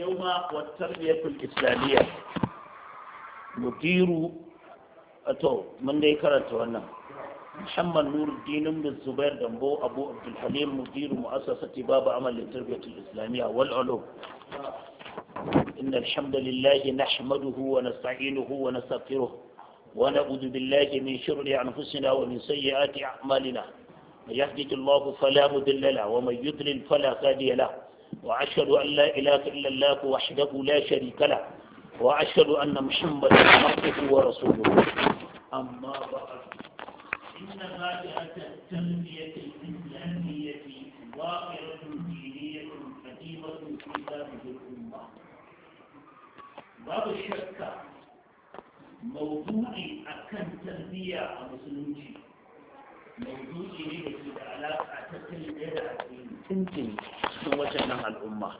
اليوم والتربية الإسلامية مدير أتو من دي أنا محمد نور الدين بن الزبير دمبو أبو عبد الحليم مدير مؤسسة باب عمل للتربية الإسلامية والعلوم إن الحمد لله نحمده ونستعينه ونستغفره ونعوذ بالله من شر أنفسنا ومن سيئات أعمالنا من يهده الله فلا مضل له ومن يضلل فلا هادي له وأشهد أن لا إله إلا الله وحده لا شريك له وأشهد أن محمدا عبده ورسوله أما بعد إن فاتحة التنمية الإسلامية ظاهرة دينية قديمة في تاريخ الأمة باب الشك موضوعي أكن تنمية المسلمين maudu'i ne ke da alaƙa tattalin ɗaya da addini tuntun cikin wacannan al'umma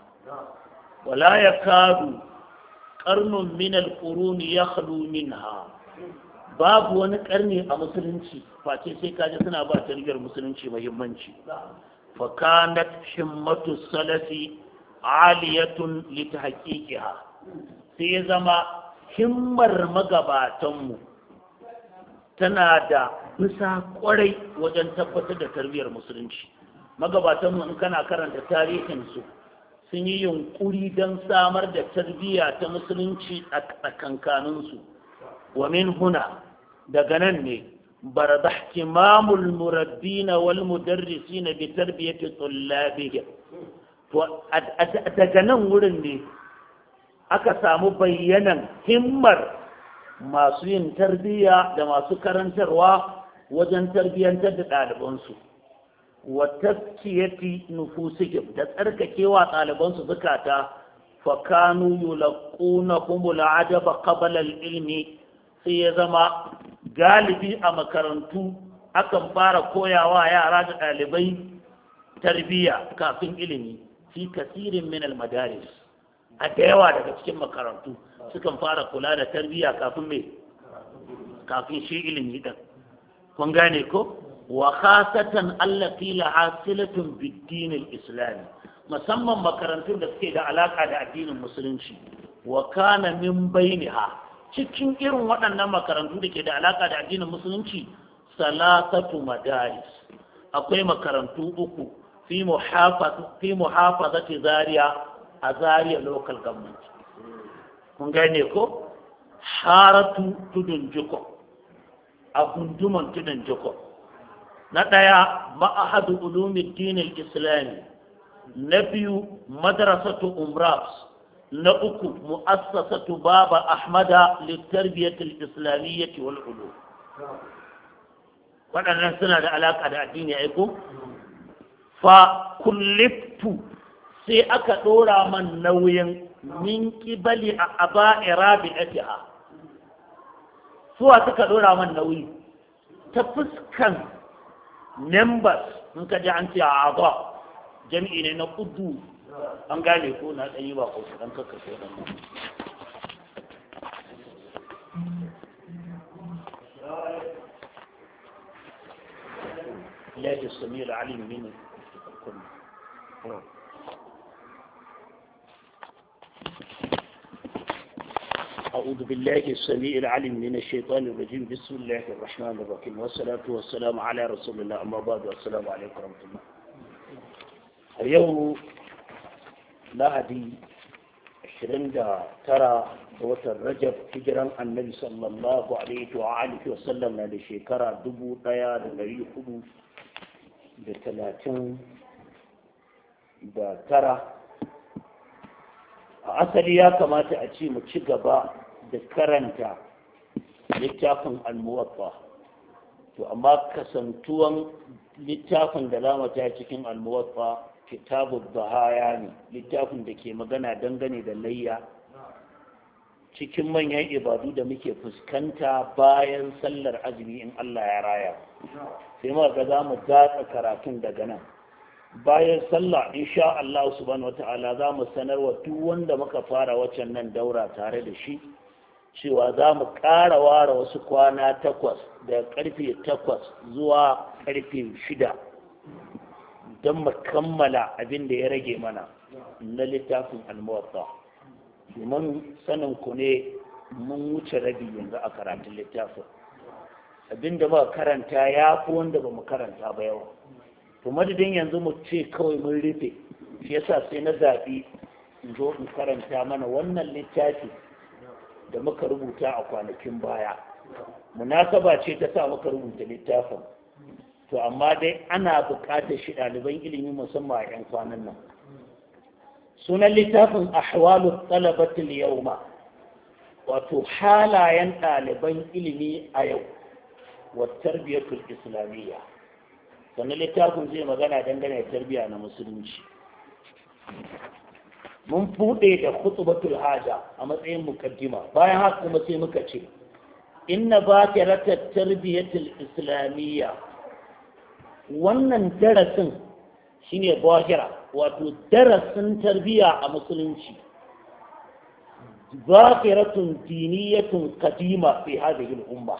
wala ya kadu ƙarnin minal ƙuruni ya halu minha babu wani ƙarni a musulunci face sai kaji suna ba tarbiyyar musulunci muhimmanci fakanat himmatu salafi aliyatun litahqiqiha sai ya zama himmar magabatanmu tana da nisa kwarai wajen tabbatar da tarbiyyar musulunci magabatanmu in kana karanta tarihinsu sun yi yunkuri don samar da tarbiyya ta musulunci a tsakankaninsu wa min huna daga nan ne برد na bi والمدرسين بتربية to daga nan wurin ne aka samu bayyanan himmar masu yin tarbiyya da masu karantarwa wajen tarbiyyantar da ɗalibansu wa tazkiyati nufusihim da tsarkakewa ɗalibansu zukata fa kanu kuma al'adaba qabla al-ilmi sai ya zama galibi a makarantu akan fara koyawa yara da ɗalibai tarbiya kafin ilimi fi kasirin min al-madaris a da yawa daga cikin makarantu sukan fara kula da tarbiyya kafin mai kafin shi ilimi din kun gane ko wa khasatan allati la silatun bid-din al-islami musamman makarantun da suke da alaka da addinin musulunci wa kana min bainiha cikin irin waɗannan makarantu da ke da alaka da addinin musulunci salatatu madaris akwai makarantu uku fi ta zaria a zaria local government kun gane ko haratu tudun jikon a gunduman tudun Jacob. Na ɗaya ma'ahadu ulumin dinin Islami, na biyu madrasatu Umrabs, na uku mu'assasatu Baba Ahmada littarbiyatul Islamiyyati wal ulu. Waɗannan suna da alaƙa da addini aiko? Fa kulliftu sai aka ɗora man nauyin min kibali a aba irabi atiha suwa suka dora man nauyi ta fuskan members in ka ji an ce a aba jami'i ne na kudu an gane ko na ɗanyi ba ko ɗan kakkashe ɗan الله السميع العليم من الكل أعوذ بالله السميع العليم من الشيطان الرجيم بسم الله الرحمن الرحيم والصلاة والسلام على رسول الله أما بعد والسلام عليكم ورحمة الله اليوم لهدي عشرين ترى دوت الرجب هجرا النبي صلى الله عليه وآله وسلم لشيكرا دبو ديا دمري خدو بثلاثين da tara a asali ya kamata a ce mu ci gaba da karanta littafin almuwaffa to amma kasantuwan littafin da ta cikin almuwaffa kitabu bahaya ne littafin da ke magana dangane da layya cikin manyan ibadu da muke fuskanta bayan sallar azumi in Allah ya raya sai ma ga za mu karatun daga nan bayan sallah insha Allah subhanahu wata'ala za mu sanarwa duk wanda muka fara waccan nan daura tare da shi cewa za mu ƙara ware wasu kwana takwas daga ƙarfe takwas zuwa ƙarfe shida don mu kammala abin da ya rage mana na littafin almuwatta domin sanin ku ne mun wuce rabi yanzu a karatun littafin abin da ba karanta ya fi wanda ba mu karanta ba yawa to madadin yanzu mu ce kawai mun rufe shi yasa sai na zaɓi in zo in karanta mana wannan littafin. da muka rubuta a kwanakin baya munasaba ce ta sa muka rubuta littafin to amma dai ana buƙatar shi ɗaliban ilimi musamman a 'yan kwanan nan sunan littafin ahwalu talabatul yauma wato halayen ɗaliban ilimi a yau wa tarbiyatul islamiyya sannan littafin zai magana dangane da tarbiyya na musulunci mun buɗe da khutbatul haja a matsayin mukaddima bayan haka kuma sai muka ce inna bakiratat tarbiyatul islamiyya wannan darasin shine bahira wato darasin tarbiyya a musulunci bakiratun diniyatun kadima fi hadhihi umma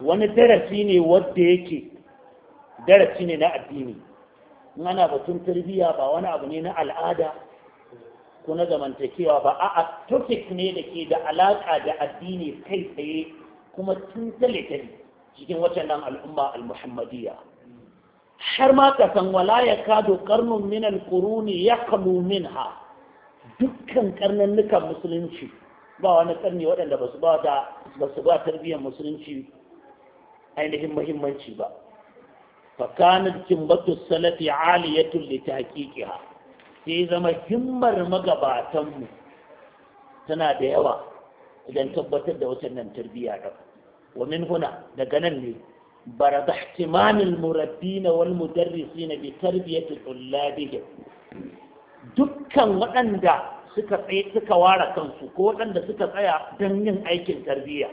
wani darasi ne wanda yake darasi ne na addini ana batun tarbiyya ba wani abu ne na al'ada ko na zamantakewa ba a'a tofik ne da ke da alaƙa da addini kai tsaye kuma tun tale-tale cikin watannan al'umma al-muhammadiyya har ma ka san wala ya kado karnun min al-quruni ya kalu minha dukkan karnannukan musulunci ba wani karni waɗanda ba su ba da ba su ba tarbiyyar musulunci ainihin muhimmanci ba fakanar kimbatu salafi aliyatun litahqiqiha sai zama himmar magabatanmu tana da yawa idan tabbatar da watannan tarbiyya da wa huna daga nan ne barada ihtimalul murabbina wal mudarrisina bi tarbiyati tullabihim dukkan waɗanda suka tsaye suka ware kansu ko waɗanda suka tsaya don yin aikin tarbiyya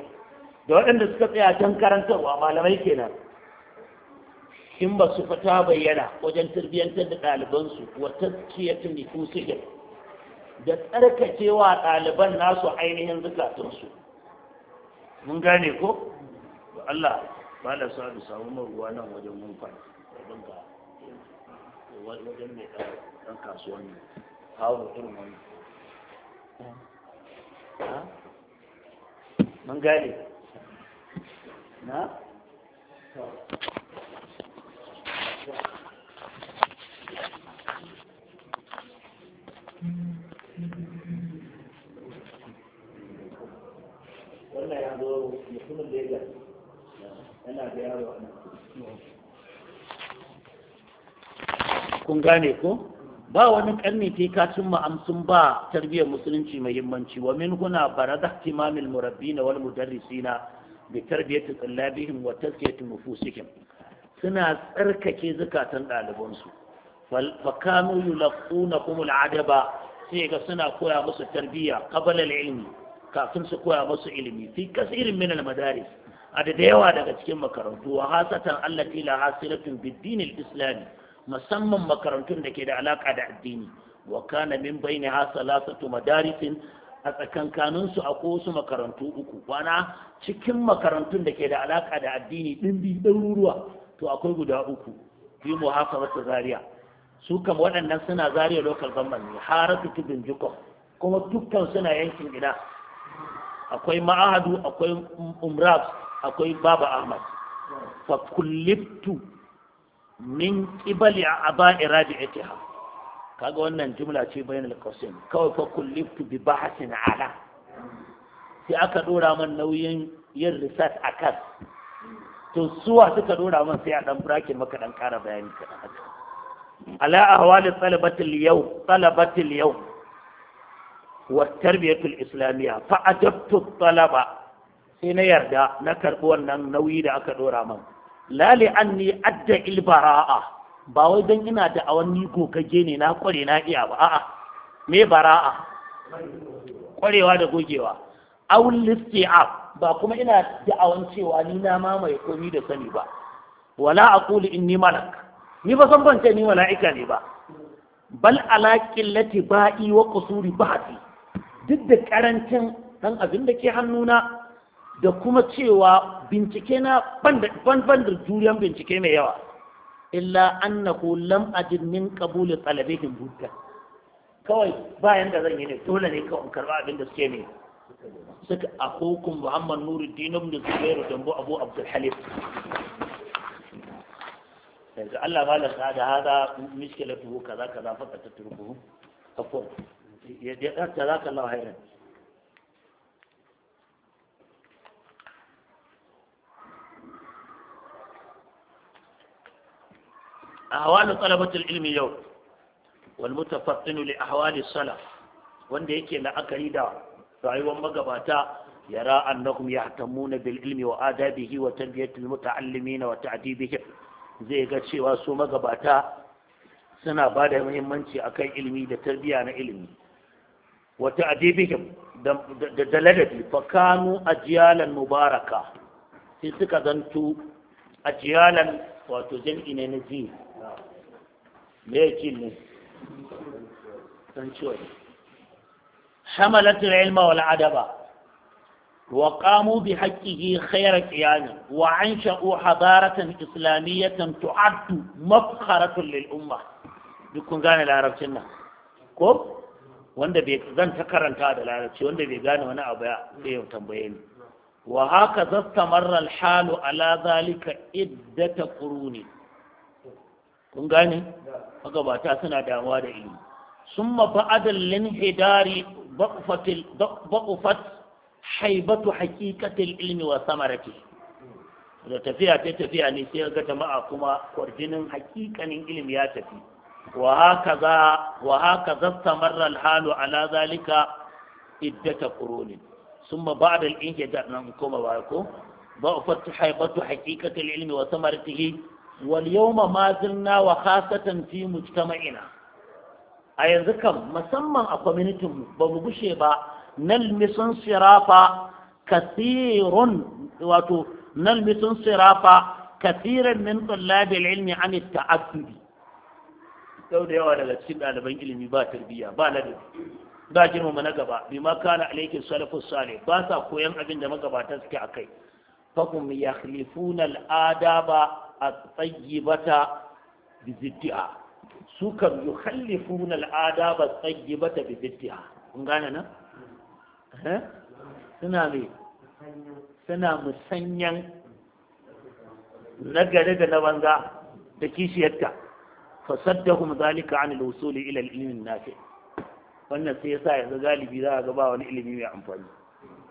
da waɗanda suka tsaya don karantarwa malamai kenan in ba su fata bayyana wajen tarbiyyantar da ɗalibansu wata ciyatun da kusurin da tsarkakewa ɗaliban nasu ainihin zukatunsu mun gane ko Allah ba da sa da samu ruwa nan wajen mun fa wajen ka wajen mai ɗan ne mun gane na kun gane ko ba wani karni sai ka cimma amsun ba tarbiyyar musulunci muhimmanci wa min huna barada timamil murabbina wal mudarrisina bi tarbiyati tallabihim wa tazkiyati sikin. suna tsarkake zukatan ɗalibansu fakanu yulaquna kumul adaba sai ga suna koya musu tarbiyya qabala ilmi kafin su koya musu ilimi fi kasirin min al madaris a da yawa daga cikin makarantu wa hasatan allati la hasilatun al islami musamman makarantun da ke da alaka da addini wa kana min hasalasatu madarisin a tsakankanin su a wasu makarantu uku kwana cikin makarantun da ke da alaka da addini ɗin bi ɗaruruwa to akwai guda uku haka muhasabatu zariya su kam waɗannan suna Zariya local government ne su ki binjiko kuma dukkan suna yankin gida akwai ma'ahadu akwai umrab akwai baba ahmad fa kullibtu min qibali aba'i rabi'atiha kaga wannan jumla ce bayan qasim kawai fa bi bi bahasin ala sai aka dora man nauyin yin a akan to suwa suka dora man sai a dan brakin maka dan kara bayani kaɗan haka ala ahwali al-yaw yau al yau wa al islamiyya fa ajabtu talaba sai na yarda na karɓi wannan nauyi da aka dora min. Lali li anni adda al bara'a ba wai dan ina da awanni gogagge ne na kware na iya ba a'a me bara'a kwarewa da gogewa aw listi'af ba kuma ina da'awan cewa ni na mamaye komi da sani ba wala aqulu inni malak ni ba san bance ni mala'ika ne ba bal alaqil lati ba'i wa qusuri ba'i duk da karancin dan abin da ke hannuna da kuma cewa bincike na ban ban da juriyan bincike mai yawa illa annahu lam ajid min qabul talabihim budda kawai bayan da zan yi ne dole ne kawai karba abin da suke ne suka akokun muhammad nuruddin ibn zubair dambo abu abdul halif yanzu Allah ba lasa da hada miskilatu kaza kaza fa ta turbu afwan ya ya tazaka a hayran أهوال طلبة العلم يوم والمتفطن لأحوال السلف وان ده يكي la'akari da. rayuwar magabata yara annahum yahtamuna na ilmi wa adabihi wa tarbiyatil na wa ta'dibihim zai ga cewa su magabata suna ba da muhimmanci akan ilimi da tarbiya na ilimi wa ta'dibihim da daladabi fa kanu ajyalan mubaraka sai suka zantu ajyalan wato jan ne na ji me yake ne ciwo حملت العلم والأدب وقاموا بحقه خير قيام وأنشأوا حضارة إسلامية تعد مفخرة للأمة dukkan gane larabcin nan ko wanda zan ta karanta da larabci wanda bai gane wani abu ya sai ya tambaye ni wa haka zastamarra alhalu ala zalika iddata quruni kun gane magabata suna damuwa da ilimi ثم بعد الانحدار ضعفت ضعفت haibatu hakikatul ilmi da tafiya ta tafiya ne sai ga jama'a kuma kwarjinin hakikanin ilmi ya tafi wa hakaza wa hakaza tamarra alhalu ala zalika iddata qurunin thumma ba'da al-injida nan kuma ba ko ضعفت حيبة حقيقة العلم وثمرته واليوم ما زلنا وخاصة في مجتمعنا a yanzu kan musamman a kwamitin ba mu gushe ba nalmisun sirafa kathirun wato nalmisun sirafa kathiran min tullabil ilmi an ta'assubi sau da yawa daga cikin ɗaliban ilimi ba tarbiyya ba ladabi ba girmama na gaba bi ma kana alayki salafus salih ba sa koyan abin da magabata suke a kai. fakum yakhlifuna al-adaba at-tayyibata bi ziddiha su kan yi na al'ada ba tsaggi ba ta bibbiya kun gane nan eh? suna mai suna musanyan na gare da na banza da kishiyarta fasaddahum zalika an al-wusul ila al-ilm nafi wannan sai yasa yanzu galibi za ga ba wani ilimi mai amfani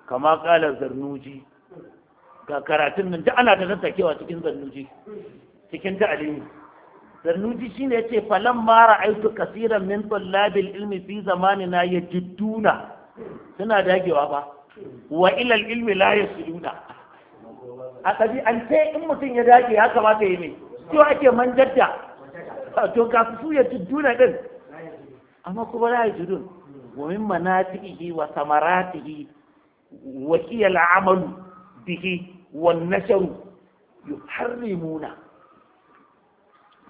kama kala zarnuji ga karatun nan Ta ana ta tattakewa cikin zarnuji cikin alimi sannuji shine ce falan mara aitu kasiran min tullabil ilmi fi ya yajidduna suna dagewa ba wa ilal ilmi la yasiluna a kaji an ce in mutum ya dage ya kamata ya mai to ake manjarta to kafin su ya jidduna din amma kuma la yajidun wa min manatihi wa samaratihi wa qiyal amalu bihi wan nasharu yuharrimuna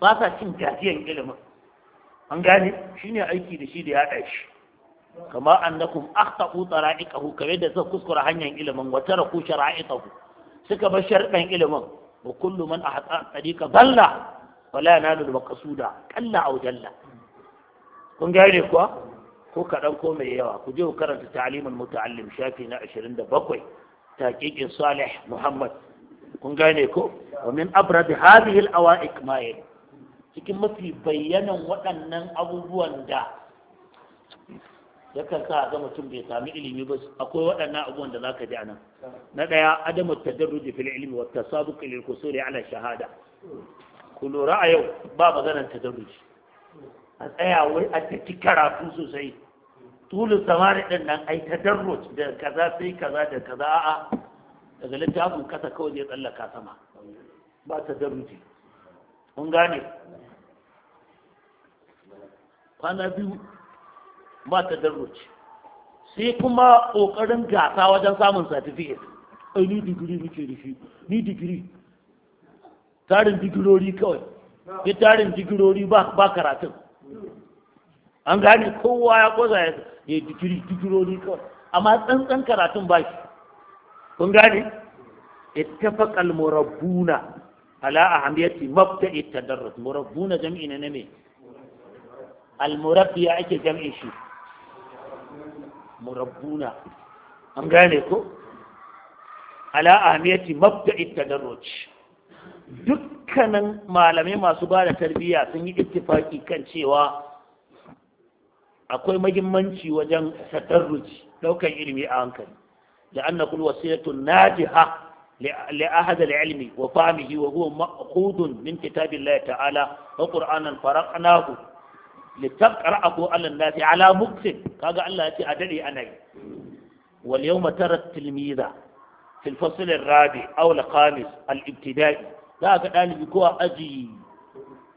ba cin gajiyan ilimin an gane shi ne aiki da shi da ya shi kama an na kuma annakum akhtau tsara'iqahu kamar da suka kuskura hanyar ilimin wata wa taraku shara'iqahu suka bar sharɗan ilimin wa kullum man a ahata tariqa dalla wala na da yanalu al-maqsuda qalla aw jalla kun gane kuwa ko kaɗan ko mai yawa ku je ku karanta ta'limul muta'allim shafi na ashirin da 27 taqiqin salih muhammad kun gane ko wa min abrad hadhihi al-awa'iq ma yali cikin mafi bayyanan waɗannan abubuwan da ya kan sa ga mutum bai sami ilimi ba akwai waɗannan abubuwan da za ka ji a na ɗaya adamu da fil ilimi wa tasabuq lil kusuri ala shahada ku lura a yau ba maganar tadarruji a tsaya wai a tafi karatu sosai tulun samari ɗin nan ai daru da kaza sai kaza da kaza a'a daga littafin kasa kawai zai tsallaka sama ba tadarruji kun gane kwana biyu ba ta darroci sai kuma ƙoƙarin gasa wajen samun certificate a ni digiri muke da shi ni digiri tarin digirori kawai ya tarin digirori ba karatun an gane kowa ya koza ya yi digiri digirori kawai amma tsantsan karatun ba shi kun gane ittafaqa al-murabbuna ala ahamiyati mabda'i tadarrus murabbuna jam'i na ne almurabbi ake jam'i shi murabbuna an gane ko ala ahmiyati mabda'i tadarruj dukkanin malamai masu ba da tarbiyya sun yi ittifaki kan cewa akwai mahimmanci wajen tadarruji daukan ilimi a hankali da annakul wasiyatu najiha wa العلم وفهمه وهو مأخوذ من كتاب الله تعالى وقرآنا فرقناه litabqara abu allan nasi ala muksin kaga Allah ya a dade ana yi wal yawma tara tilmiza fil fasl ar rabi aw al khamis al ibtida'i ga ɗalibi ko a aji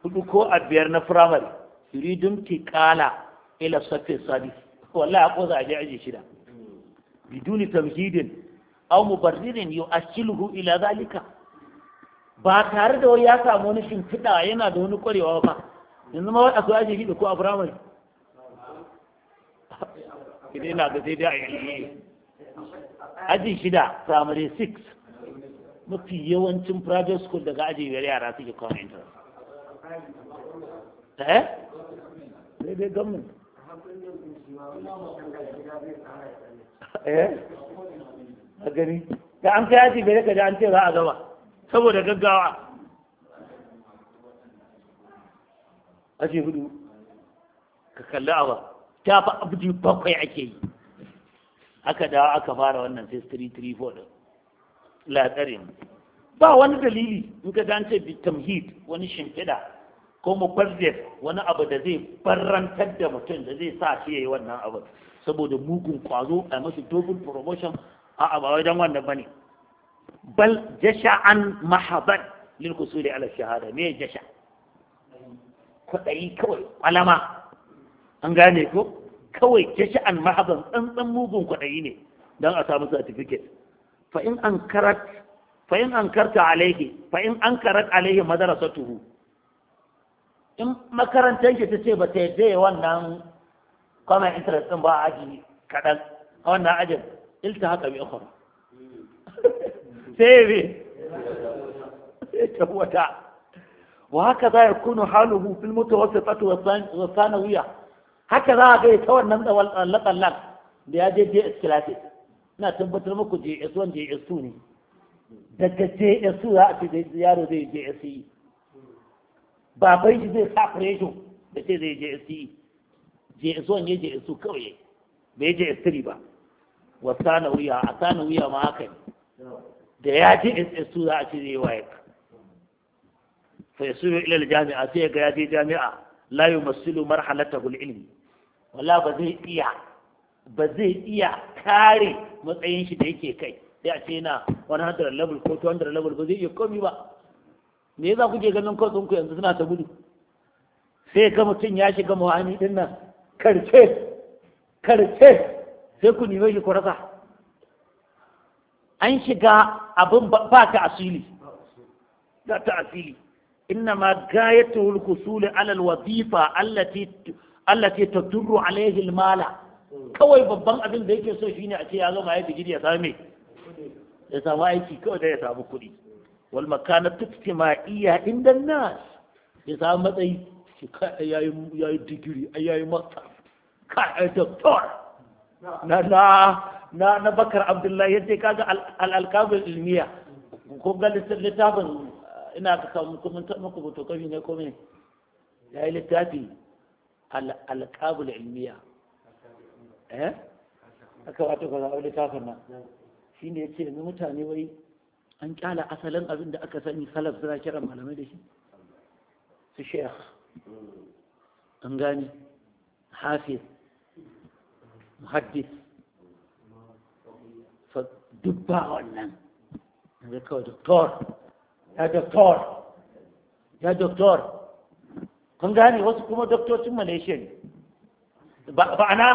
hudu ko a biyar na primary yuridun tiqala ila safi sadi wallahi ko za a je aji shida biduni tamhidin aw mubarririn yu'ashiluhu ila zalika ba tare da wani ya samu wani shimfiɗa yana da wani kwarewa ba yanzu ma wai a soya ake kiɗa ko a firamare idan na da sai dai a yi aji shida firamare 6 mafi yawancin private school daga aji biyar yara suke ke kwanin ta sai dai gwamnati eh a gani da an kai aji biyar ka da an ce za a gaba saboda gaggawa ake hudu ka kalli abu ta fi abu bakwai ake yi aka dawo aka fara wannan sai 334 din latsare latsari ba wani dalili in ka gance bitamhid wani shimfiɗa ko mubarzir wani abu da zai barantar da mutum da zai sa shi yayi wannan abu saboda mugun kwazo a masu dogon promotion a abu wajen wannan bane bal jasha an mahabar lil kusuri ala shahada me jasha' kwaɗayi kawai ƙwalama an gane ko kawai ta sha'an mahaban tsantsan mugun kwaɗayi ne don a samu certificate fa in an karat fa in an karta alaihi fa in an karat alaihi in makarantar ta ce ba ta yadda ya wannan kwamen interest ɗin ba a aji kaɗan a wannan ajin ilta haka mai ƙwaro sai bi sai wata وهكذا يكون حاله في المتوسطة والثانوية هكذا غير تور نمد واللطلق بيجي جي اس كلاسيك ina tabbatar muku JS1 JS2 ne daga js za a ce da yaro zai JSE babai shi zai sa pressure da ce zai JSE JS1 ya JS2 kawai bai JS3 ba wa sanawiya a sanawiya ma haka ne da ya JS2 za a ce zai wayek fa yasubu ila aljami'a sai ga ya je jami'a la yumassilu marhalarta alilmi wala ba zai iya kare matsayin shi da yake kai sai a ce na 100 level ko 200 level ba zai iya komi ba me yasa kuke ganin kotsin ku yanzu suna ta gudu sai ga mutum ya shiga muhani din nan karce sai ku nime shi ku rasa an shiga abin ba ta asili ba ta asili إنما غايته الحصول على الوظيفة التي التي تدر عليه المال kawai babban abin da yake so shi ne ce ya zama ya digiri ya samu aiki kawai da ya samu kuɗi wal makana ijtima'iyya inda nas ya samu matsayi shi kai digiri ai yayi master kai ai doctor na na na bakar abdullahi kaga ilmiya ko ga littafin ina ka kawo muku fotokofi ne kome ya yi littafi alƙabul ilmiya eh aka wato ka zaɓi littafin nan shi ne ya ce yanzu mutane wai an kyala asalin abin da aka sani salaf suna kira malamai da shi su sheikh an gani hafiz muhaddis fa dubba wannan yanzu kawai doktor ya doktor ya doktor kun gane wasu kuma doktocin malaysia ne ba'ana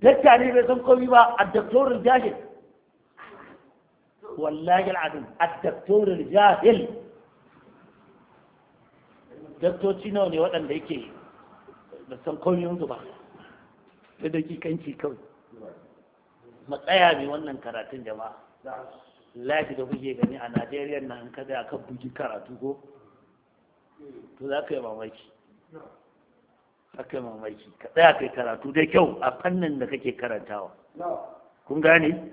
dakta ne bai san komi ba a doktorin jahil wallahi al'adun a doktorin jahil daktoci nawa ne waɗanda yake da san komi yanzu ba da dakikanci kawai matsaya ne wannan karatun jama'a lafi da kuke gani a najeriya na ka da ka bugi karatu ko to za ka yi mamaki za ka yi mamaki ka tsaya kai karatu da kyau a fannin da kake karantawa kun gane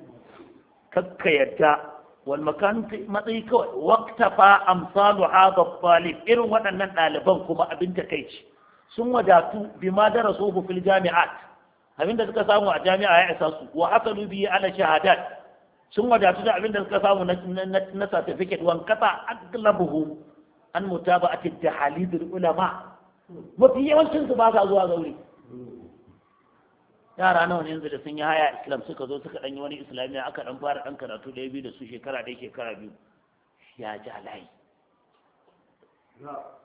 kakka yadda wal makan matsayi kawai amsa amsalu hadha talib irin waɗannan ɗaliban kuma abin ta kai ce sun wadatu bima darasu fil jami'at abin da suka samu a jami'a ya isa su wa hasalu bihi ala shahadat sun wadatu da abin da suka samu na certificate wan kasa aglabuhu an mutaba'ati tahalidul ulama mafi yawancin su ba sa zuwa zaure yara nawa ne yanzu da sun yi haya islam suka zo suka danyi yi wani islamiyya aka dan fara dan karatu da biyu da su shekara da shekara biyu ya ja layi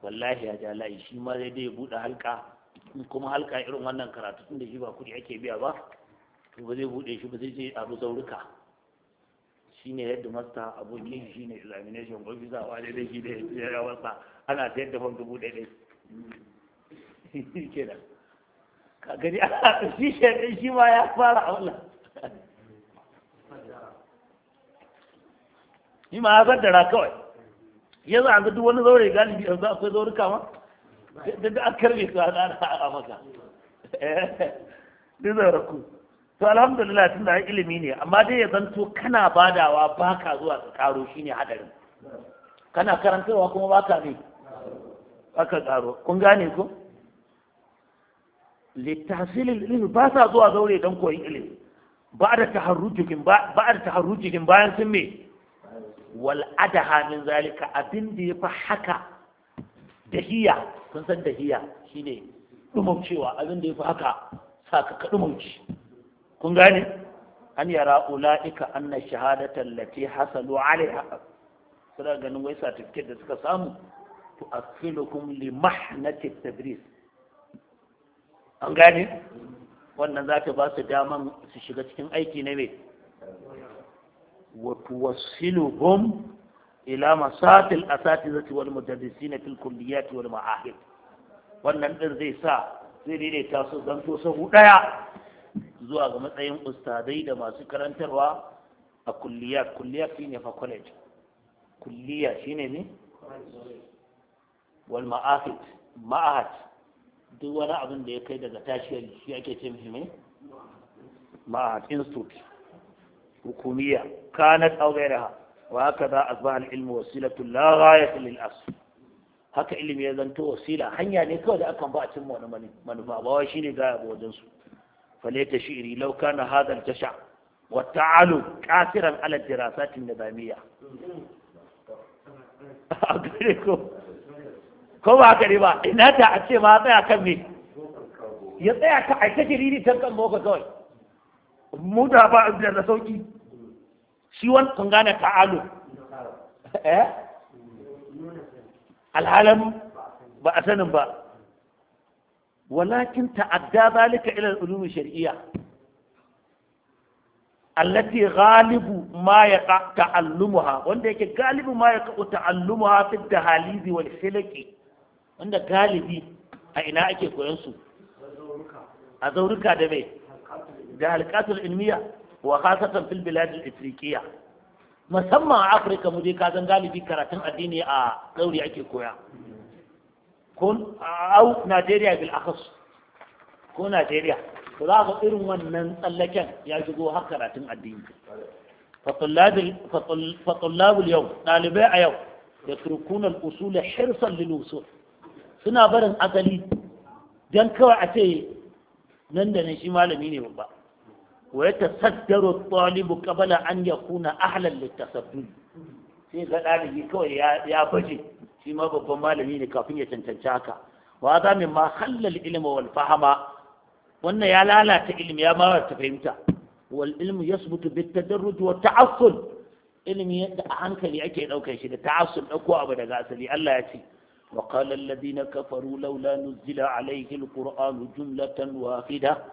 wallahi ya ja layi shi ma zai dai buɗe halka kuma halka irin wannan karatu tun da shi ba kuɗi ake biya ba to ba zai buɗe shi ba zai je a zaurika shine yadda masta abokin shi ne examination officer wa da dai shi da ya wasa ana sayar da fam dubu ɗaya da ka gani shi shi shi ma ya fara a wannan shi ma ya zaddara kawai yanzu an duk wani zaure galibi yanzu akwai zaurika ma da da an karbe su a tsara a maka eh, duk ku to alhamdulillah tun da ilimi ne amma dai ya zanto kana badawa baka zuwa ka karo shine hadarin kana karantarwa kuma ka ne ka karo kun gane ku? littafin ilimi ba sa zuwa zaure don koyin ilimi ba da taharrujikin da taharrujikin bayan sun me wal adaha min zalika abin da ya fi haka dahiya kun san dahiya shine dumaucewa abin da ya fi haka sa ka dumauci kun gane an yara ula'ika anna shahadata allati hasalu alaiha suna ganin wai certificate da suka samu to asfilukum li mahnati tadris an gane wannan zaka ba su daman su shiga cikin aiki na me wa tuwassiluhum ila masatil asatizati wal mudarrisina fil kulliyat wal ma'ahid wannan din zai sa zai daidaita su zanto sahu daya zuwa ga matsayin ustadai da masu karantarwa a kulliya kulliya shine fa college kulliya shine ne wal ma'ahid ma'ahad duk wani abin da ya kai daga tashiyar shi ake ce mai ma'ahad institute hukumiya kanat da ghayraha wa za a al ilmu wasila? la lagaya lil asl haka ilimi ya zanto wasila hanya ne kawai da akan ba a cin wani manufa ba shi ne gaya ga wajen su فليت شعري لو كان هذا الجشع والتعالو كاثرا على الدراسات النظامية ko ba haka ba ina ta ce ma tsaya kan me ya tsaya ka aika jiriri can kan boko kawai mu da ba da sauki shi wani kun gane ta'alu eh alhalan ba a sanin ba walakin ta'adda balika ila al shari'a. shar'iyya allati ghalibu ma yaqa wanda yake galibu ma yaqa ta'allumuha fi dahalizi wal filqi wanda galibi a ina ake koyansu a zauruka da mai da halqatul ilmiya wa khasatan fil bilad al afriqiyya musamman a afirka muje kazan galibi karatun addini a dauri ake koya كون او نادريا بالاخص كون نادريا فلاغ ارون من اللكن يجبو هكرة الدين فطلاب فطلاب اليوم طالباء يوم يتركون الاصول حرصا للوصول سنا برن اقلي جان كوا اتي نن دا نشي مالميني ويتصدر الطالب قبل ان يكون اهلا للتصدق سي غدا لي يا يا shi ma babban malami ne kafin ya cancanci haka wa za mai ma halal ilimi wannan ya lalata ilimi ya ma ta fahimta wal ilmu yasbutu bit tadarruj wa ta'assul yadda a hankali ake daukar shi da ɗauko dauko abu daga asali Allah ya ce wa qala alladhina kafaru laula nuzila alayhi alquran jumlatan wahida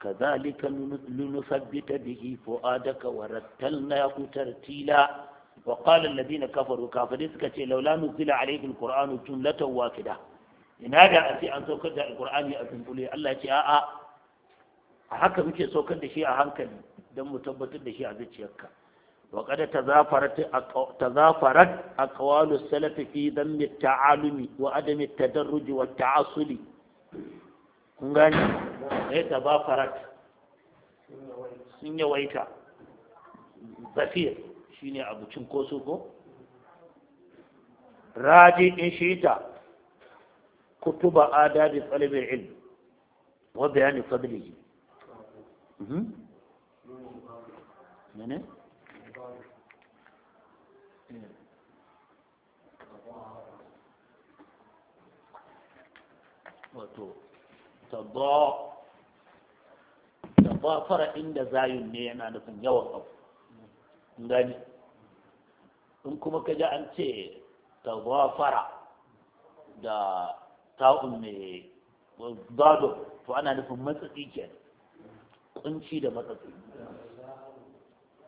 kadhalika lunuthabbita bihi fuadaka wa rattalna yakutartila wa qala alladhina kafaru kafirai suka ce laula nuzila alayhi alquranu jumlatan wahida ina da a ce an saukar da alqur'ani a tumbule Allah ya ce a'a a haka muke saukar da shi a hankali don mu tabbatar da shi a zuciyarka wa qad tazafarat tazafarat aqwalu salaf fi dhamm at-ta'alumi wa adam at-tadarruj wa at-ta'assuli kun gani sai tazafarat sun yawaita zafir shine abu cinkoso ko raji in shita kutuba adabi talibul ilm wa bayani fadlihi mene wato tabba fara inda zayun ne yana nufin yawan abu gani in kuma ka ji an ce ta fara da ta'un mai gado to ana nufin matsatsi ke kunci da matsatsi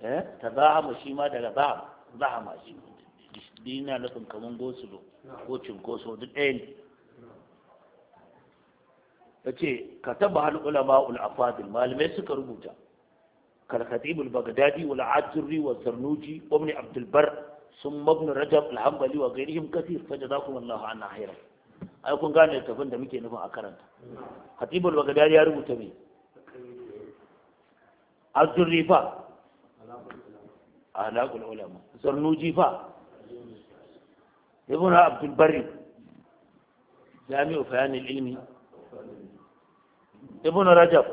eh ta zahama shi ma daga zahama zahama shi dina nufin kamar gosulo ko cinkoso duk ɗaya ne ya ce ka taba hal ulama ul afadil malamai suka rubuta kal khatib al baghdadi wal ajuri wa zarnuji wa ibn sun mabnu rajab alhambali wa gairihim kasir fa jazakum Allah anna khairan ai kun gane tafin da muke nufin a karanta hatibul bagadari ya rubuta me az-zurri fa alaqul ulama zarnuji fa ibn abdul barri jami'u bayan ilmi ibn rajab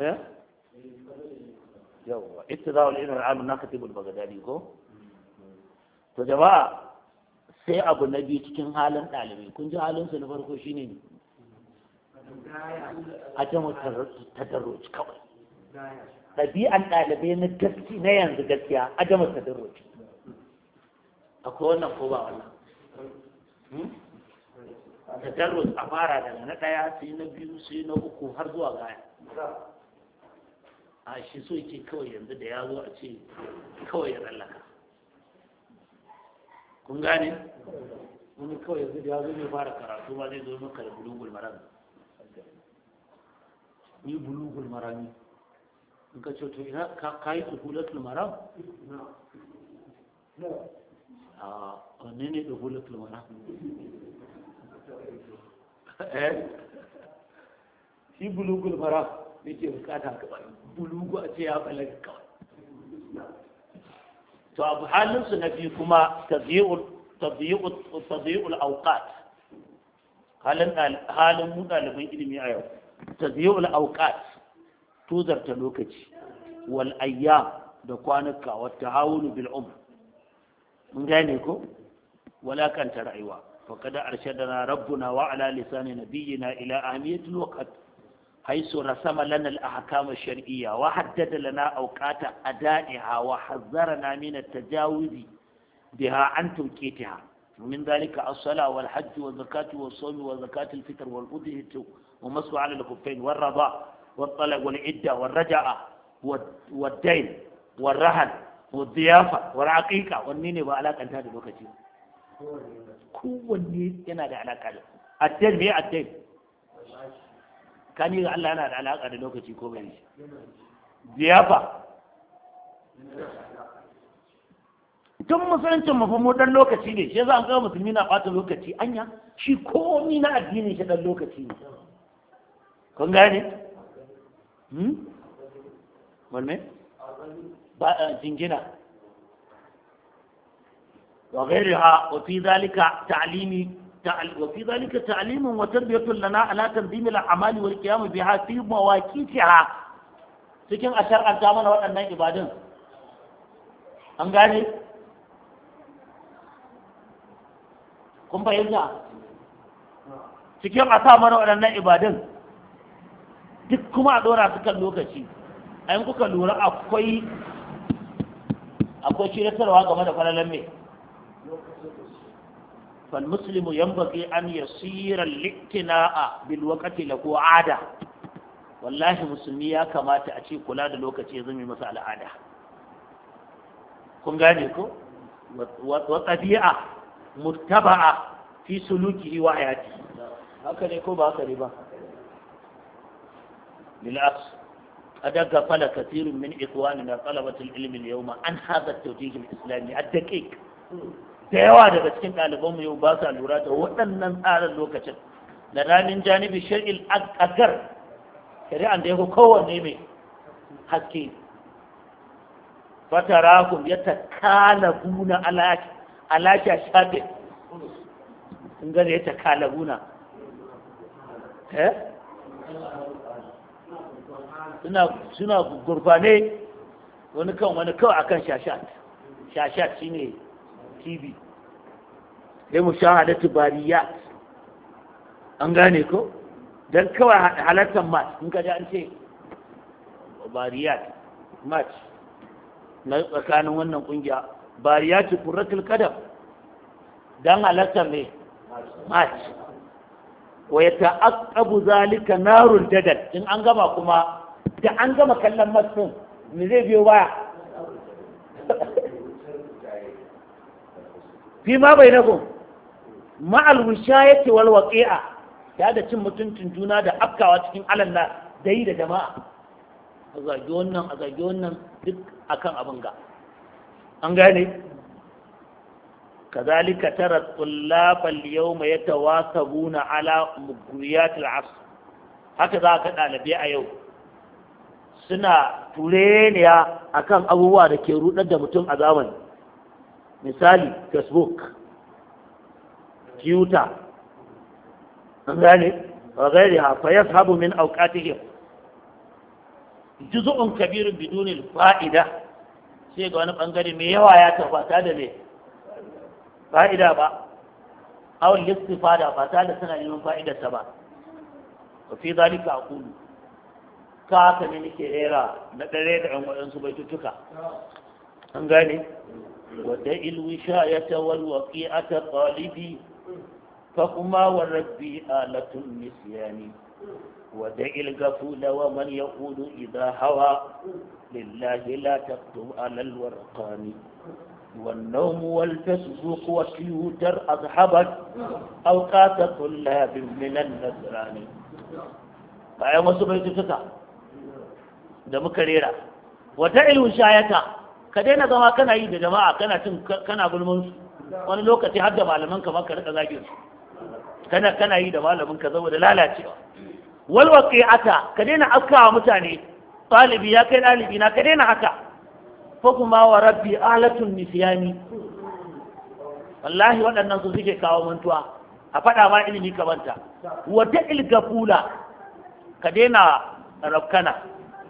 eh? ابتداء العلم العام ناخذ ابو البغدادي كو تو جواب سي ابو نبي تكن حالن دالمي كون جو حالن سن فرقو شيني ني اتم تدرج كو دبي ان دالبي ن غسكي نا ينز غسكيا اتم تدرج اكو ونا كو با ولا تدرج افارا دنا نتايا سي نبي سي نوكو هر زوا غايه a shi so yake kawai yanzu da ya zo a ce kawai ya tsallaka kun gane wani kawai yanzu da ya zo mai fara karatu ba zai zo maka da bulugul marami ni bulugul marami in ka ce to ina ka yi tuhulatul maram a wanne ne tuhulatul maram eh shi bulugul maram yake bukata bayan bulugu a ce ya balaga kawai to abu halinsu na biyu kuma tabi'ul auqat halin halin mu ɗaliban ilimi a yau tabi'ul auqat tuzarta lokaci wal ayyam da kwanuka wa tahawunu bil umr mun gane ko walakanta rayuwa kada arshadana rabbuna wa ala lisani nabiyyina ila ahmiyatil waqt haisu sama lana al-ahkam ash-shar'iyya wa haddada lana awqata ada'iha wa hazzarana min at-tajawuzi biha an tawqitiha min dhalika as-sala wal hajj wa zakatu wa sawm wa zakatu al-fitr wal udhiyah wa masu ala al-khuffayn wal rida wal talaq wal kani ga Allah yana da alaƙa da lokaci ko bai ziyafa tun musulunci mafi mu dan lokaci ne shi za a kawo musulmi na ɓata lokaci anya shi komi na addini shi dan lokaci ne kun gane hmm? walme ba a eh, jingina wa gairi ha wa fi zalika ta'alimi وفي ذلك تعليم وتربية لنا على تنظيم الأعمال والقيام بها في مواقيتها cikin a shar'anta mana waɗannan ibadun an gane kun fahimta cikin a sa mana waɗannan ibadun duk kuma a ɗora su kan lokaci a kuka lura akwai akwai shiratarwa game da falalan mai فالمسلم ينبغي أن يصير الاقتناء بالوقت له عادة والله مسلمي كما تأتي كل هذا الوقت يزمي مسألة عادة كن قانيكو وطبيعة متبعة في سلوكه وحياته هكذا يكون هكذا يبقى بالعكس قد غفل كثير من إخواننا طلبة العلم اليوم عن هذا التوجيه الإسلامي الدقيق da yawa daga cikin ɗalibanmu yau ba sa lura da waɗannan tsarin lokacin da ranin janibi shari'il agar shari'an da ya kowanne mai haske fatarakun ya ta kala guna alaƙa shaɗe sun gane ya ta kala guna eh? suna gurfane wani kan wani kawai akan shashat shashat shine ne kibi sai mu sha halatta bariyat an gane ko don kawai halartar mat in ka ji an ce bariyat mat na tsakanin wannan kungiya bariyat kurratul kadam don halartar ne mat wa ya ta'aqqabu zalika narul dadal in an gama kuma da an gama kallon mat din me zai biyo baya fi ma bai na ma'al yake wal waqi'a ya da cin mutuncin juna da afkawa cikin alanna dai da jama'a a zagi wannan a zagi wannan duk akan abin ga an gane kazalika tara ya yawma yatawasabuna ala mugriyatil asr haka za ka ɗalibai a yau suna tureniya akan abubuwa da ke rudar da mutum a zamani misali facebook twitter an gane wa gairi hafa ya sabu min auƙatihim juzu'un kabirin bidunin fa'ida sai ga wani ɓangare mai yawa ya tabbata da mai fa'ida ba awon listifada ba ta da suna neman ta ba wa fi zalika a kulu ka haka ne nake rera na ɗare da ɗan waɗansu baitutuka an gane ودع الوشاية والوقيعة طالبي فهما والربي آلة النسيان ودع الغفول ومن يقول إذا هوى لله لا تكتب على الورقان والنوم والفسوق والتيوتر أصحبت أوقات طلاب من النذران bayan wasu bai tutuka da muka rera wata ilmin shayata ka daina zama kana yi da jama'a kana cin kana gulmun su wani lokaci har da malaman kamar ka rika zagin su kana kana yi da malamin ka saboda lalacewa wal waqi'ata ka daina afkawa mutane talibi ya kai dalibi na ka daina haka fa kuma wa rabbi alatun nisyani wallahi waɗannan su suke kawo mantuwa a faɗa ma ilimi ka manta wata ilgafula ka daina rabkana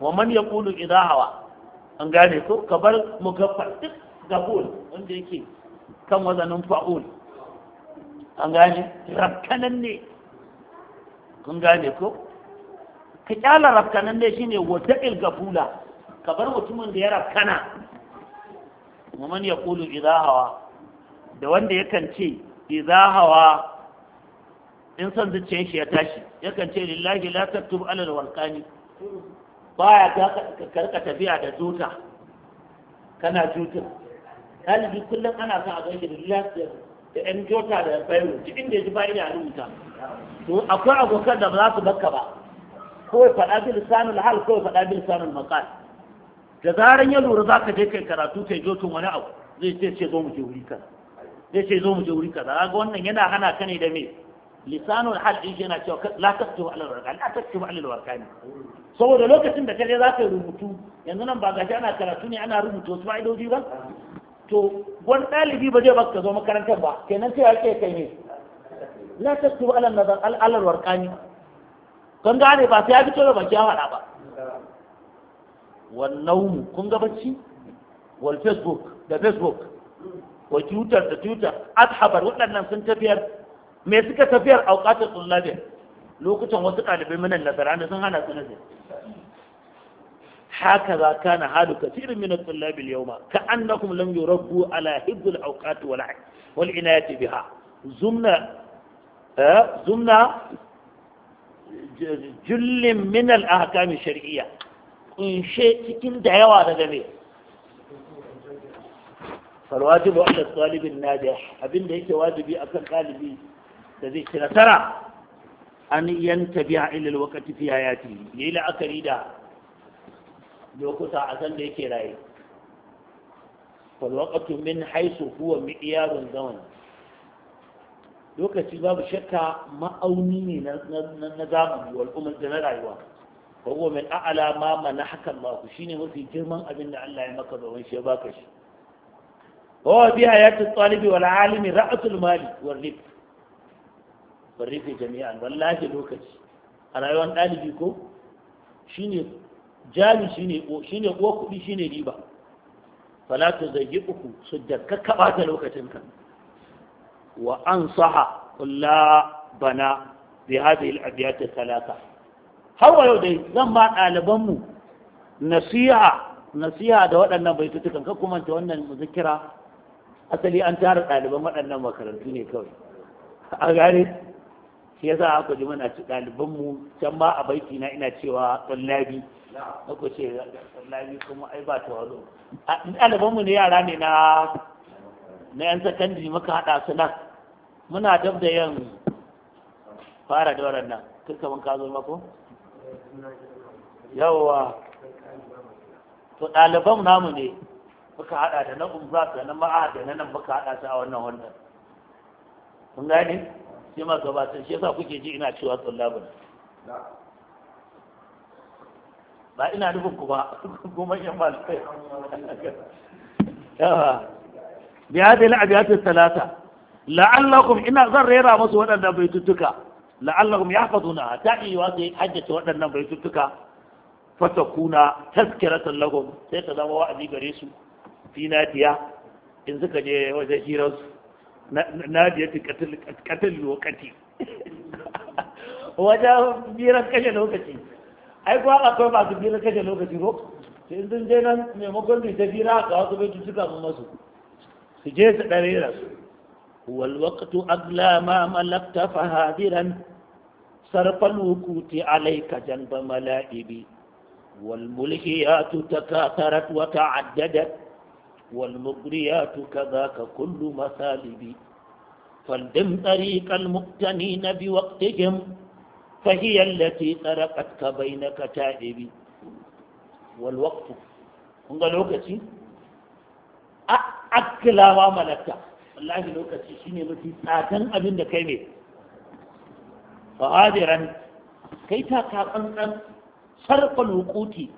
wa man yaqulu idha hawa an gane ko kabar mugaffal duk gabul wanda yake kan wazanin fa'ul an gane rafkanan ne kun gane ko ka kyala rafkanan ne shine wata ilgafula kabar mutumin da ya rafkana man ya kulu hawa da wanda yakan ce hawa in son zuciyar shi ya tashi yakan ce lillahi la taktub alal walqani baya ga karka tafiya da tuta kana tuta ɗalibi kullum ana sa a gaishe da lafiyar da yan jota da bayo cikin da ya ji ya yi wuta to akwai abokan da ba za su baka ba kawai faɗa bil lisanul hal kawai faɗa bil lisanul maqal da zaran ya lura za ka je kai karatu kai jotun wani abu zai ce zo mu je wuri kaza zai ce zo mu je wuri kaza ga wannan yana hana ka ne da me lisanul hal din yana cewa la taktubu ala al-warqani la taktubu ala al-warqani saboda lokacin da kaje za ka rubutu yanzu nan ba gashi ana karatu ne ana rubutu wasu fa'idoji ba to wani dalibi ba zai ba ka zo makarantar ba kenan sai ake kai ne la taktubu ala nazar al warqani kun gane ba sai ya fito da baki ya faɗa ba wannan kun ga bacci wal facebook da facebook wa twitter da twitter ashabar waɗannan sun tafiyar me suka tafiyar auqatul tullabi lokacin wasu ɗalibai minan nasara da sun hana su nazari haka za ka na halu kasirin minan tullabi yauma ka annakum lam yurabbu ala hibbul auqat wal wal inayati biha zumna zumna jullin min al ahkam shar'iyya kunshe cikin da yawa daga me فالواجب على الطالب الناجح abinda yake wajibi akan ɗalibi da zai ci nasara an yanta biya ilil wakati fi hayati yayi la'akari da lokuta a san da yake raye wal waqtu min haisu, huwa mi'yarun zaman lokaci babu shakka ma'auni ne na zamani wal umar da na rayuwa wa huwa min a'la ma manahaka Allah shine mafi girman abin da Allah ya maka zaban shi ya baka shi wa bi hayati talibi wal alimi ra'atul mali wal rizq ban rufe jami'an wallahi lokaci a rayuwar ɗalibi ko shine jami shi ne, uwa kuɗi ne riba fala tu zagi uku su da ka kaɓata lokacinka wa an saha kulla bana bi hadhihi al-abyat thalatha har wa yau dai zan ba ɗaliban nasiha nasiha da waɗannan baitutukan ka kuma ta wannan muzikira asali an tara ɗaliban waɗannan makarantu ne kawai a shi yasa aka ji muna ci ɗaliban mu can ba a baiti na ina cewa tsallabi aka ce tsallabi kuma ai ba ta wazo ɗaliban mu ne yara ne na na yan sakandiri muka haɗa su nan muna dab da yan fara dauran nan kirka mun ka zo mako yawwa to ɗaliban namu ne muka haɗa da na umza da na ma'a da na nan muka haɗa su a wannan wannan kun gani. sai ma gabatar shi yasa kuke ji ina cewa tsallabin ba ina nufin ku ba kuma yan malamai yawa bi hadhihi al-abiyat ath-thalatha la'allakum ina zan rera musu waɗannan baituttuka la'allahum yahfazuna ta iya sai haddace waɗannan baituttuka fatakuna tazkiratan lahum sai ta zama wa'azi gare su fi nadiya in suka je wajen su. nadiyati katil lokaci wajen biran kashe lokaci ai kuma akwai masu biran kashe lokaci ko sai sun je nan maimakon su ta bira ga wasu bai tutuka mu masu su je su ɗare da su wal waqtu agla ma malakta fa hadiran sarfal hukuti alayka janba mala'ibi wal mulhiyatu takatharat wa ta'addadat والمغريات كذاك كل مثالب فالدم طريق المقتنين بوقتهم فهي التي طرقتك بين كتائب والوقت kun ga lokaci a akilawa malakta wallahi lokaci shine mafi tsadan abin da kai ne fa'adiran kai ta ka tsantsan sarfa lokuti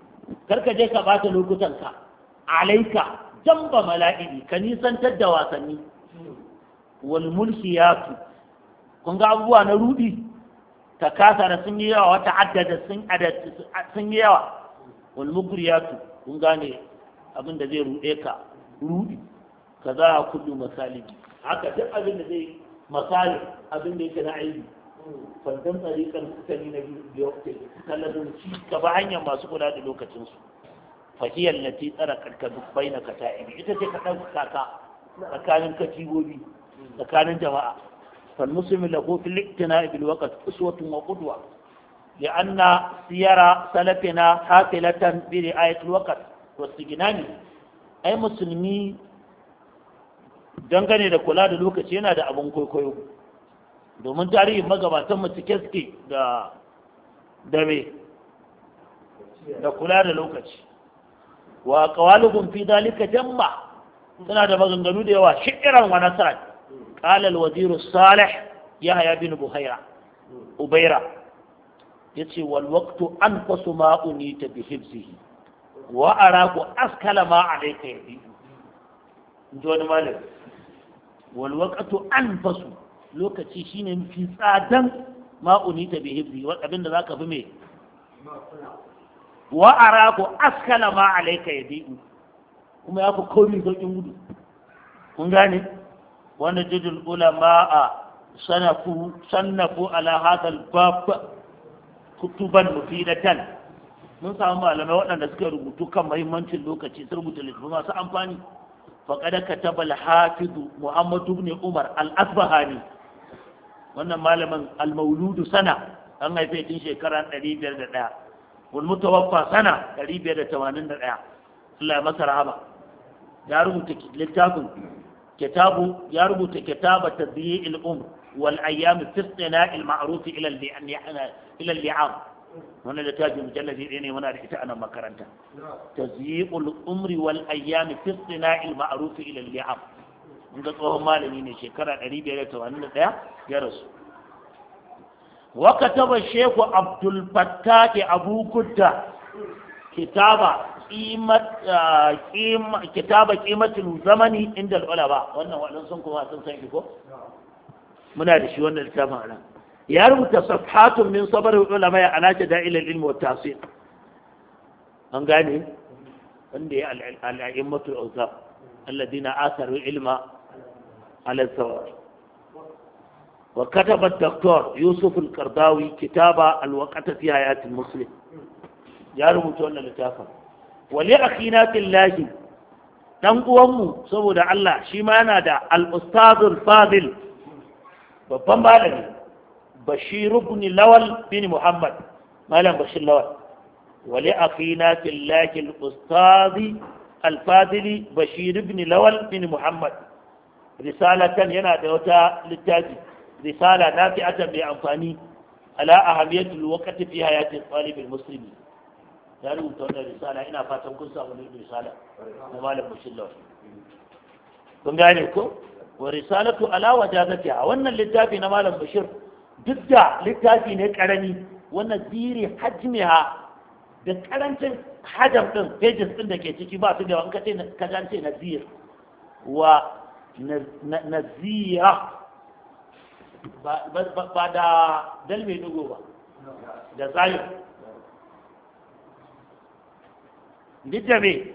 karka je ka bata ka. alaika jamba mala'ibi ka nisantar da wasanni wal su? kun ga abubuwa na rudi ta kasara sun yi yawa wata addada sun yi yawa wal su? kun gane abin da zai ruɗe ka rudi ka za a kullu masalibi haka duk abin da zai masali abin da yake na aiki? fandan tsarikan suka ne na biyu da ke talabin ci gaba hanyar masu kula da lokacinsu fahiyar lati tsara karkadu bai na kata ita ce kaɗan kaka tsakanin katibobi tsakanin jama'a fal muslimi lahu fil iktina bil waqt uswatun wa qudwa لأن سير سلفنا حافلة wasu الوقت ne. Ai Musulmi dangane da kula da lokaci yana da abin kwaikwayo domin tarihin magabatan mu cike da dame da kula da lokaci wa qawaluhum fi dhalika jamma suna da maganganu da yawa shi'iran wa nasran qala waziru wazir ya haya bin buhaira ubaira ya ce wal an fasu ma unita bi hifzihi wa araku askala ma alayka yadi wani malam wal an fasu lokaci shine mafi tsadan ma unita bi hifzihi abinda ka fi mai. wa araku askala ma alayka yadi'u kuma ya ku komi sauƙin gudu kun gane wani jidul ulama a sanafu sannafu ala hadal bab kutuban mufidatan mun samu malamai waɗanda suka rubutu kan mahimmancin lokaci sun rubuta littattafai masu amfani faƙad kataba al-hafiz ibn Umar al-Asbahani wannan malamin al-Mauludu sana an haife biyar shekara 501 wal mutawaffa sana 581 Allah ya masa rahama ya rubuta littafin kitabu ya rubuta kitaba tadbi'il um wal ayyam tistina al ma'ruf ila al ila li'am wannan da littafin mujallabi ne muna da ita anan nan makaranta tazyiqul umri wal ayyam tistina al ma'ruf ila li'am mun ga tsohon malami ne shekara 581 ya rasu وكتب الشيخ عبد الفتاح abukuta kitaba كتاب قيمة قيمة الزمن عند العلماء وانا وانا سنكم iko? muna da shi wannan littafin anan ya rubuta safhatun min sabar ulama ya alaja da'ilal ilmi wa tasir an gane wanda ya al'a'immatu alladina ilma ala وكتب الدكتور يوسف القرضاوي كتاب الوقت في آيات المسلم جارو متولى لتافا ولأخينا الله dan uwanmu saboda Allah shima yana da al-ustazul fadil babban malami Bashir ibn Lawal bin Muhammad malam Bashir Lawal wali akhina fillahi al-ustazi al-fadili Bashir ibn Lawal bin Muhammad risalatan yana da wata littafi risala na nafi'atan mai amfani ala ahamiyatul waqti fi hayati talibil musulmi. ya rubuta wannan risala ina fatan kun samu ne risala na malam mushillah kun gane ko wa risalatu ala A wannan littafi na malam bashir duk da littafi ne karami wannan ziri hajmiha da karancin hajam din pages din da ke ciki ba su da wanka ce na jance wa nazira ba da dal mai dugo ba da zalim littafi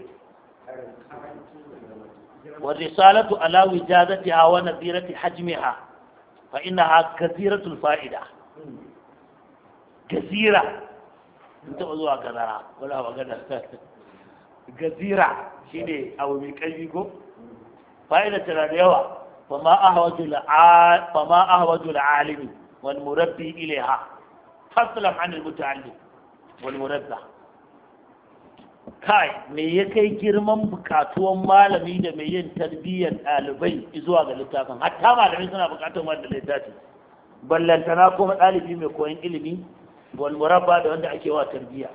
wa risalatu ala wijazatiha wa nazirati hajmiha fa inna ha kaziratul fa'ida gazira in taɓa zuwa kazara wala magana gazira shine abu mai ƙarfi ko fa'ida tana da yawa fama ahwaju al'alimi wal murabbi ilaiha faslan an al kai me ya kai girman bukatuwan malami da mai yin tarbiyyar ɗalibai zuwa ga littafin hatta malamai suna bukatar wanda littafi ballantana kuma ɗalibi mai koyon ilimi wal murabba da wanda ake wa tarbiyya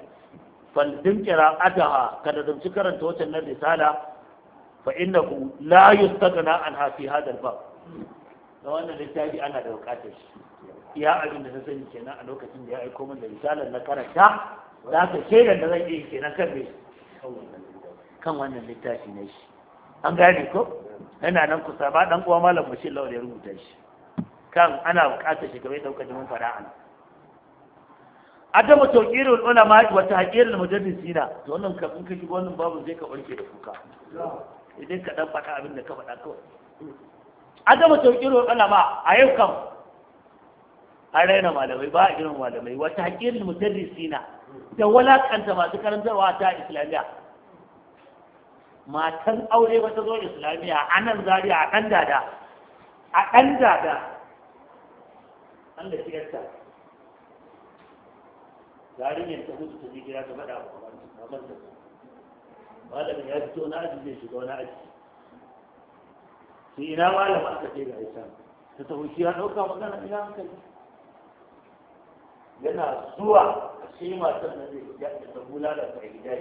fal dinkira ataha kada zamci karanta wacce na risala fa innahu la yustaghna an hafi hadar ba, bab wannan littafi ana da bukatar shi ya abin da na sani kenan a lokacin da ya aiko min da risalar na karanta za ka shaida da zan iya kenan kan me kan wannan littafi na shi an gane ko yana nan kusa ba dan uwa malam bashir lawal ya rubuta shi kan ana bukatar shi kamar daukar jimin fara'a adamu tawqirul ulama wa tahqirul mujaddisina to wannan kafin ka shigo wannan babu zai ka barke da kuka idan ka dan faɗa abin da ka faɗa kawai an gama tauƙiro ƙalama a yau kam a raina malamai ba a irin malamai wata haƙirin mutarrisina da walakanta masu karantarwa ta islamiyya matan aure ta zo islamiyya a nan zariya a ɗan dada a ɗan dada an da shiyarta yarinyar ta mutu ta je gida ta faɗa wa kamar malamin ya fito na aji zai shiga wani aji shi ina malam aka ce ga isa ta tafi shi ya ɗauka magana ina hankali yana zuwa a shi matan nan zai da ta bulala ta da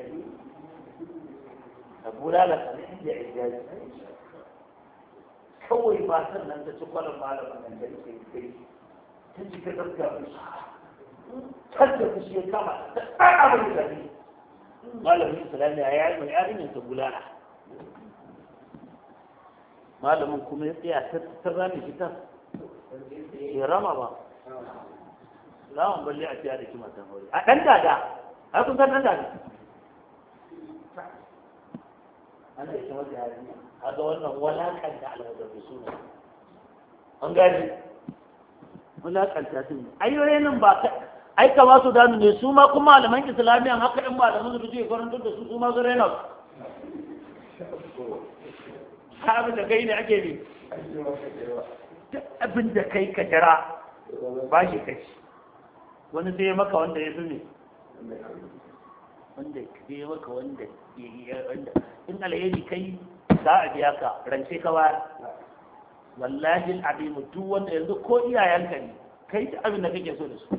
ta bulala ta inda hijabi kawai matan nan ta ci kwanan malamin nan da ke kai ta ji ka zarga musu kar da ku shi ya kama ta ɗan abin da ne malamin islamiyya ya yi mai yarinyar ta gulana malamin kuma ya tsaya ta tattar rami fitar ya rama ba lawan balle a tsaya da kima ta hori a ɗan dada a kun san ɗan dada an da kima da yari a ga wannan walakan da al'adarbi suna an gaji walakan ta sun ayoyi nan ba ka ai kama su da ne su ma kuma malaman islamiyan haka yan malaman su je karantar da su su ma su rena abin da kai ne ake ne duk abin da kai ka jira ba shi kai wani sai maka wanda ya fi ne wanda ya yi wanda in alheri kai za a biya ka rance ka ba wallahi al'adimu duk wanda yanzu ko iyayenka ne kai ta abin da kake so da su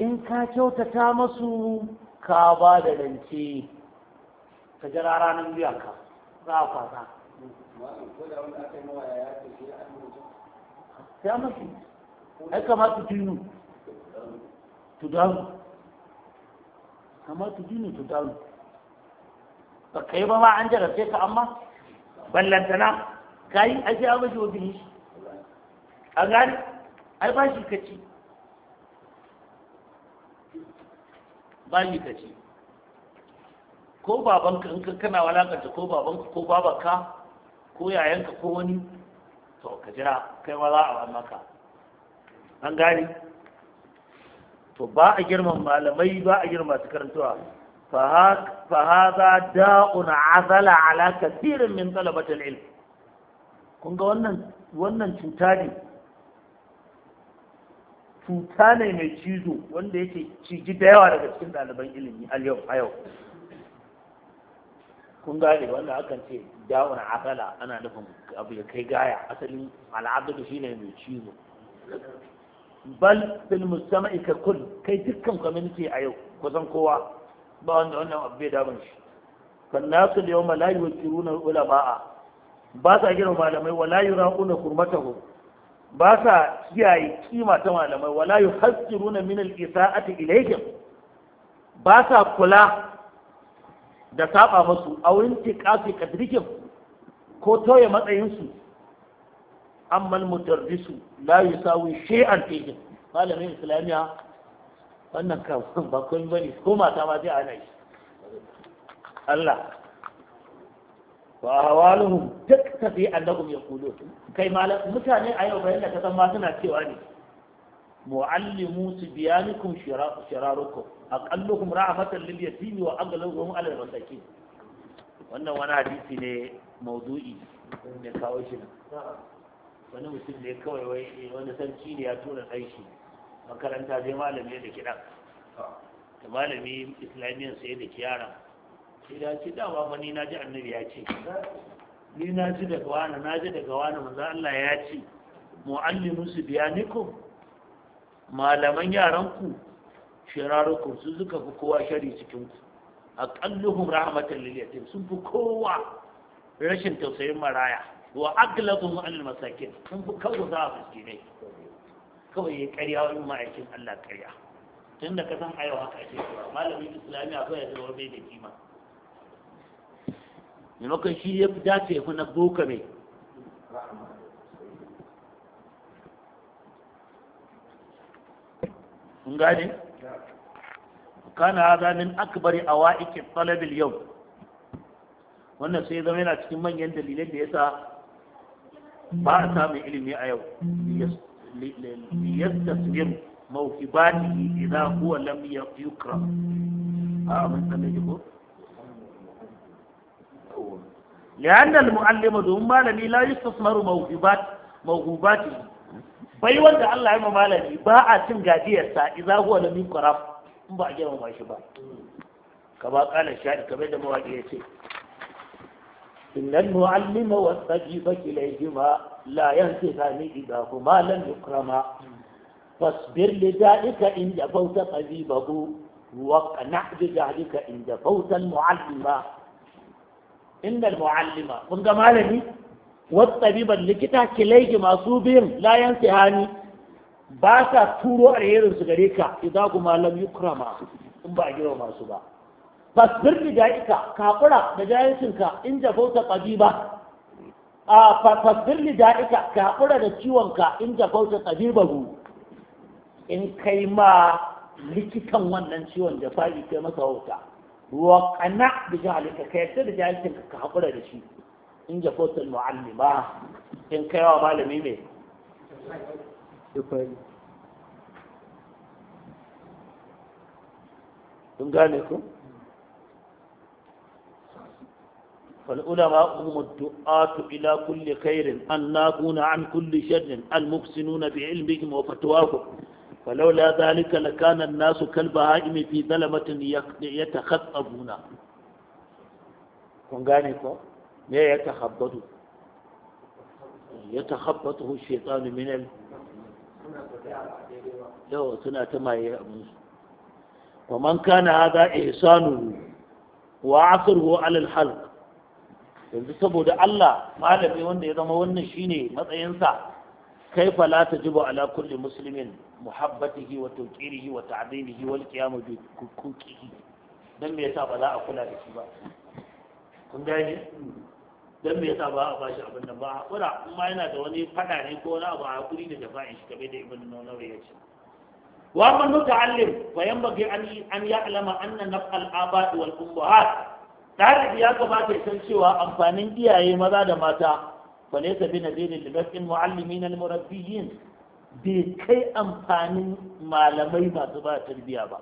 in ka kyautata masu ka ba da rance ka jira ranar biyan ka za a kwasa ya mafi ai kamata tunu tudanu kamata tunu tudanu ba ka yi ba ma an jarabce ka amma ballantana ka yi ake abaji wa biyu a gani ai ba shi ka ci bayi ka ce ko babanka in kana walakanta ko babanka ko babanka ko yayanka ko wani to ka jira kai ma a wa maka an gane to ba a girman malamai ba a girma su karantuwa fahaza da'un azala ala kasirin min talabatul ilm kun ga wannan wannan cuta ne cuta ne mai cizo wanda yake ciji da yawa daga cikin ɗaliban ilimi a yau a yau kun gane wannan akan ce da'un akala ana nufin abu ya kai gaya asalin shi ne mai cizo bal bil musamman ka kull kai dukkan kwaminti a yau kusan kowa ba wanda wannan abu bai damun shi kan nasu da malayi wa kiruna ulama'a ba sa gina malamai wa la yuraquna hurmatahum ba sa kiyaye kima ta malamai wala yuhazziruna min al-isa'ati ilayhim ba sa kula da saba musu a wurin kadrikin ko toye matsayinsu ammal mutarrisu la yusawi shay'an fihi malamin islamiya wannan kawai ba kun bane ko mata ma sai ana Allah wa hawaluhum duk tafi annahum yaqulun kai malam mutane a yau bayan da ta san ma suna cewa ne muallimu tibyanukum shirarukum aqalluhum ra'fatan lil yatim wa aghlabuhum ala al wannan wani hadisi ne mawdu'i da kawo shi wani mutum ne kawai wai wani sarki ne ya tura ɗan shi ah. makaranta sai malami da kiɗan da malami islamiyan sai da kiyara sai da ce dawa ba ni na ji annabi ya ce ni na ji daga wani na ji daga wani manzo Allah ya ce mu'allimu su biyanikum malaman yaranku shirarukum su suka fi kowa shari cikin ku aqalluhum rahmatan lil yatim sun fi kowa rashin tausayin maraya wa aglabuhum al masakin sun fi kawo za a ne kawai ya karya wani ma'aikin Allah karya tun da ka san ayo haka ake Malamin islamiyya kawai ya zama bai da kima maimakon shi ya fi dace ya fi na boka mai kun gane kana hada min akbari awaikin talabil yau wannan sai zama yana cikin manyan dalilai da yasa ba a samun ilimi a yau liyastasmir mawkibati idan huwa lam yukra. a amin tsalle ko li'anna al-mu'allima domin malami la yustasmaru mawhubat mawhubati bai wanda Allah ya malami ba a cin gajiyarsa idza huwa lam in ba a gina shi ba ka ba kana sha'i kamar da mawaki ya ce إن المعلم والطبيب كليهما لا ينتفان إذاهما لم يكرما فاصبر لذلك إن جفوت طبيبه واقنع بجهلك إن جفوت المعلم inda mu'allima kun ga malami wasu tabiban likita kilaiki masu biyun layan sihani ba sa turo alherin su gare ka idan ku malam yukrama in ba a masu ba fasbir da ka kakura da ka in jafauta tabiba a fasbir da da'ika kakura da ciwonka in jafauta tabiba hu in kai ma likitan wannan ciwon da faɗi kai masa wauta وقنع بجعلك كيف بجهلك كحقرة هذا الشيء إن جفوت المعلمة إن كيوا بالمي مي kun gane ku فالعلماء هم الدعاة إلى كل خير الناقون عن كل شر المحسنون بعلمهم وفتواهم falaula zalika lakana nasu kalba ha'imi fi zalamatin yatakhassabuna kun gane ko me ya tahabbatu ya tahabbatu shaytanu min al suna ta maye su ومن كان هذا إحسانه وعصره على الحلق yanzu saboda Allah malami wanda ya zama wannan shine matsayinsa kaifa la tajibu ala kulli muslimin muhabbatihi wa tawqirihi wa ta'dilihi wal qiyam bi kukukihi dan me yasa ba za a kula da shi ba kun gane dan me yasa ba a bashi abin nan ba hakura kuma yana da wani fada ne ko wani abu a hakuri da jafa'in shi kabe da ibn nawawi ya ce wa amma muta'allim fa yanbaghi an an ya'lama anna naf'al aba'i wal ummahat Tarihi ya kamata ya san cewa amfanin iyaye maza da mata fa laysa bi nadirin li naf'in mu'allimin al murabbiyin bai kai amfanin malamai masu ba tarbiya ba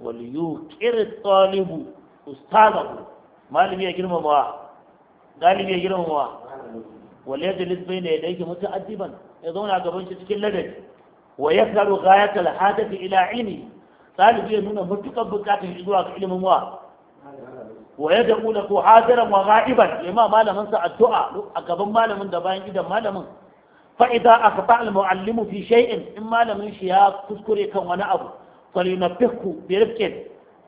waliyu kirin tsalibu ustazahu malami ya ba galibi ya girma ba Wani yadda bai ne da yake mutu addiban ya zauna gaban shi cikin ladabi wa ya karu gayatar fi ila ilmi talibi ya nuna matuƙar buƙatar shi zuwa ga ilimin wa wa ya da ko hadiran wa ga'iban ya ma malamin sa addu'a a gaban malamin da bayan idan malamin fi فإذا أخطأ المعلم في شيء إما لم يشيا تذكري كان وانا أبو To ya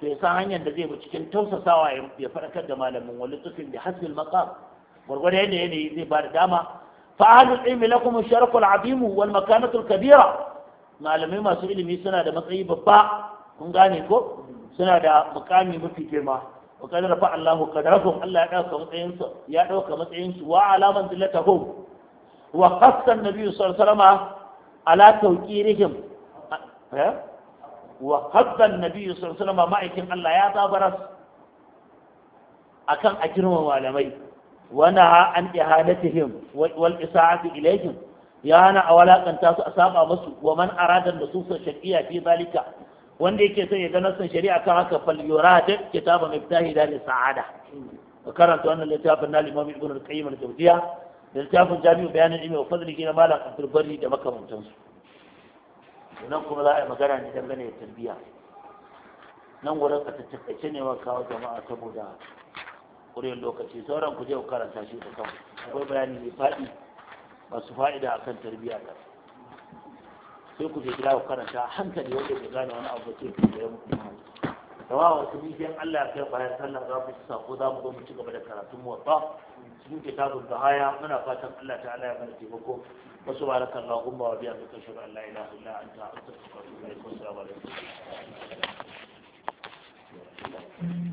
فيسان hanyar da zai bi cikin tausasawa ya faɗakar da malamin wani tufin da hasbi al-maqam gurgurda yadda yanayi zai ba da dama fa ahlul ilmi lakum ash-sharaf al-azim wal makanatu kabira malamai masu ilimi suna da matsayi babba kun gane ko suna da mukami mafi girma wa qad rafa Allahu qadrakum Allah ya dauka matsayin su ya dauka matsayin su wa alaman dillatakum wa qassa an-nabi sallallahu eh? wa qadda an-nabi ma'aikin Allah ya tabaras akan a girmama malamai wa naha an ihadatihim wal isa'ati ilayhim ya hana a walakanta su a saba musu wa man arada nususan shari'a wanda yake son ya ga shari'a kan haka fal yurada kitaban ibtahi da sa'ada karanta wannan littafin na limami ibn al-qayyim al-jawziya littafin jami'u bayanin ilmi wa fadlihi na malam abdul bari da makamantansu nan kuma za a yi magana ne dangane da tarbiyya nan wurin a tattakace ne wa kawo jama'a saboda ƙurin lokaci sauran ku je ku karanta shi da kan akwai bayani mai faɗi masu fa'ida kan tarbiyya da sai ku je gida ku karanta hankali wanda bai gane wani abu ce ku da muku da wasu bidiyan Allah ya kai bayan sallah za mu ci sako za mu zo mu ci gaba da karatun muwatta cikin kitabun bahaya muna fatan Allah ta'ala ya mana taimako wa subhanaka allahumma wa bihamdika ashhadu an la ilaha illa anta astaghfiruka wa atubu ilaik wa assalamu alaikum